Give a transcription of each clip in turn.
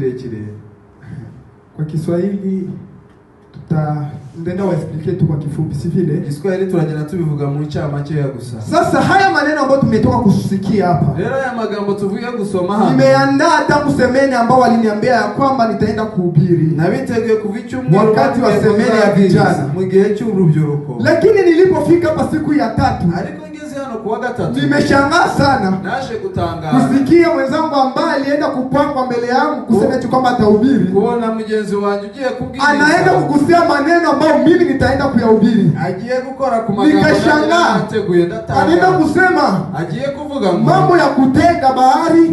kirekire kwa Kiswahili tuta ndenda waexplique tu kwa kifupi, si vile Kiswahili tunajana tubivuga mu cyama ya gusa. Sasa haya maneno ambayo tumetoka kusikia hapa, rero haya magambo tuvuye gusoma hapa, nimeandaa tangu semeni ambao waliniambia ya kwamba nitaenda kuhubiri na biteguye kuvichumba wakati wa semeni ya vijana mu gihe cy'urubyiruko, lakini nilipofika hapa siku ya tatu ariko Nimeshangaa sana kusikia mwenzangu ambaye alienda kupangwa mbele yangu kusema tu kwamba atahubiri, anaenda kugusia maneno ambayo mimi nitaenda kuyahubiri. Nikashangaa, anaenda kusema mambo ya kutenga bahari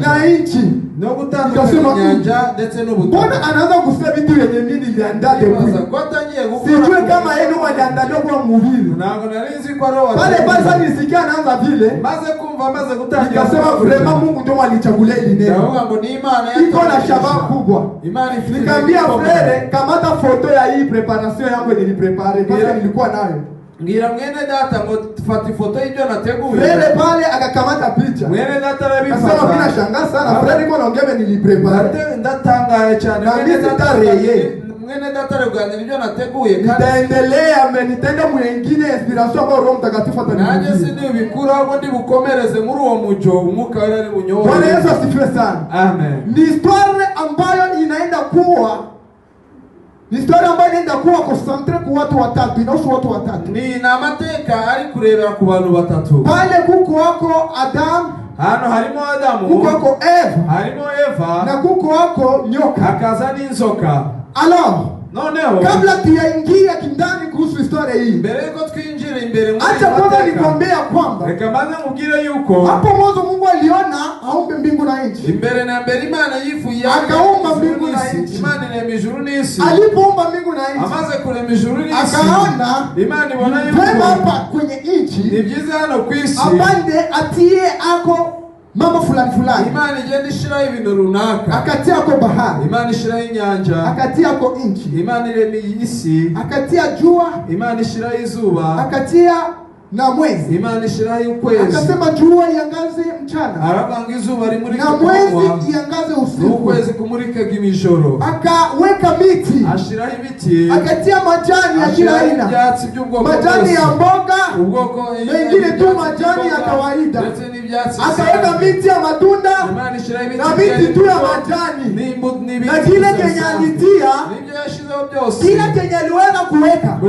na nchi no gutandukanya inyanja ndetse n'ubutaka mbona anaza gusaba ibintu yenye nini lyanda debuye ko atangiye gukora sijue kama yeye ni wanyanda ndogo mubili ntabwo nari nzi ko ari wanyanda pale basi nisikia anaanza vile maze kumva maze kutangira nikasema vraiment Mungu ndio alichagulia hili neno ngo ni imani yake iko na shaba kubwa imani fulani nikamwambia frere kamata foto ya hii preparation yangu niliprepare kama nilikuwa nayo mbwira mwene data ngo fata ifoto y'ibyo nateguye frere pale akakamata picha mwene data arabifata kasema mimi nashangaa sana frere niko naongea niliprepare ndatangaye cyane mwene data mwene data arabwanira ibyo nateguye nitaendelea me nitaenda mwengine inspiration ambayo roho mtakatifu atanipa nanjye sindi bikura ngo ndi bukomereze muri uwo mujo umwuka wera ari bunyoye bwana yesu asifiwe sana ni histoire historia ambayo inaenda kuwa concentre ku watu watatu, inahusu watu watatu. Ni mateka ari kureba ku bantu batatu. Pale kuko wako Adam hano harimo Adamu, kuko wako Eva, harimo Eva, na kuko wako nyoka, akaza n'inzoka. Alors noneho kabla tuyaingia kindani kuhusu historia hii, mbele yuko tukiinjira imbere, acha kwanza nikwambea kwamba, reka mbanza yuko hapo mwanzo aliona aumbe mbingu na nchi imbere na mbere imana yivuye akaumba mbingu na nchi imana ni ijuru n'isi alipoumba mbingu na nchi amaze kule ijuru n'isi akaona imana ibona yuko vema hapa kwenye nchi ni byiza hano ku isi apande atiye ako mambo fulani fulani, Imana igenda ishiraho ibintu runaka, Akati yako bahari, Imana ishiraho inyanja, Akati yako inchi. Imani irema iyi isi, hagati ya jua, Imana ishiraho izuba, Akati ya na mwezi. Imana ishiraho ukwezi. Akasema jua iangaze mchana. Arabanga izuba rimurike na mwezi iangaze usiku. Ukwezi kumurikaga imijoro. Akaweka miti. Ashiraho ibiti. Akatia majani ya kila aina. Ibyatsi by'ubwoko Majani ya mboga. Ubwoko mengine tu majani ya kawaida. Ndetse n'ibyatsi. Akaweka miti ya na miti tu ya majani na kile kenye alitia, kile kenye aliweza kuweka,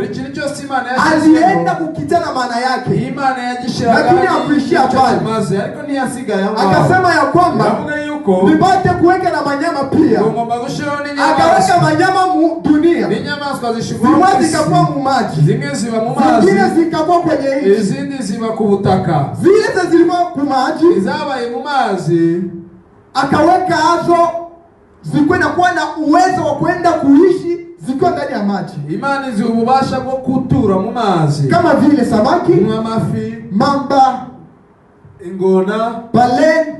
alienda kukitia na maana yake, lakini hakuishia pale. Akasema ya kwamba nipate kuweka na manyama pia, akaweka manyama mu dunia, zimwe zikakuwa mumaji, zingine zikakuwa kwenye nchi, zileze zilikuwa kumaji akaweka hazo zikwenda kuwa na uwezo wa kwenda kuishi zikiwa ndani ya maji imani zi ububasha bwo kutura mu mazi kama vile samaki mamba ingona balen